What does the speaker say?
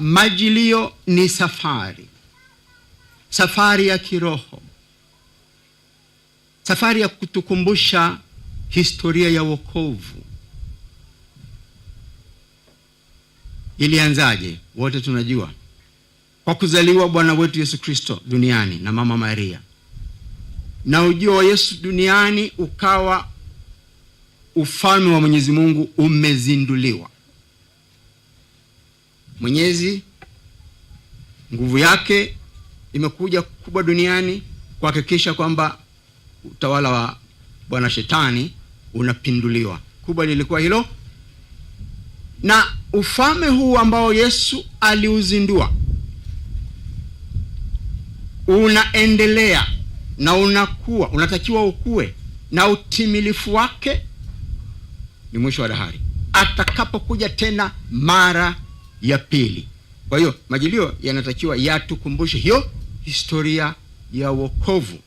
Majilio ni safari, safari ya kiroho, safari ya kutukumbusha historia ya wokovu. Ilianzaje? Wote tunajua kwa kuzaliwa Bwana wetu Yesu Kristo duniani na Mama Maria, na ujio wa Yesu duniani ukawa ufalme wa Mwenyezi Mungu umezinduliwa. Mwenyezi nguvu yake imekuja kubwa duniani kuhakikisha kwamba utawala wa bwana shetani unapinduliwa. Kubwa lilikuwa hilo, na ufalme huu ambao Yesu aliuzindua unaendelea na unakuwa, unatakiwa ukue, na utimilifu wake ni mwisho wa dahari atakapokuja tena mara ya pili. Kwa hiyo majilio yanatakiwa yatukumbushe hiyo historia ya wokovu.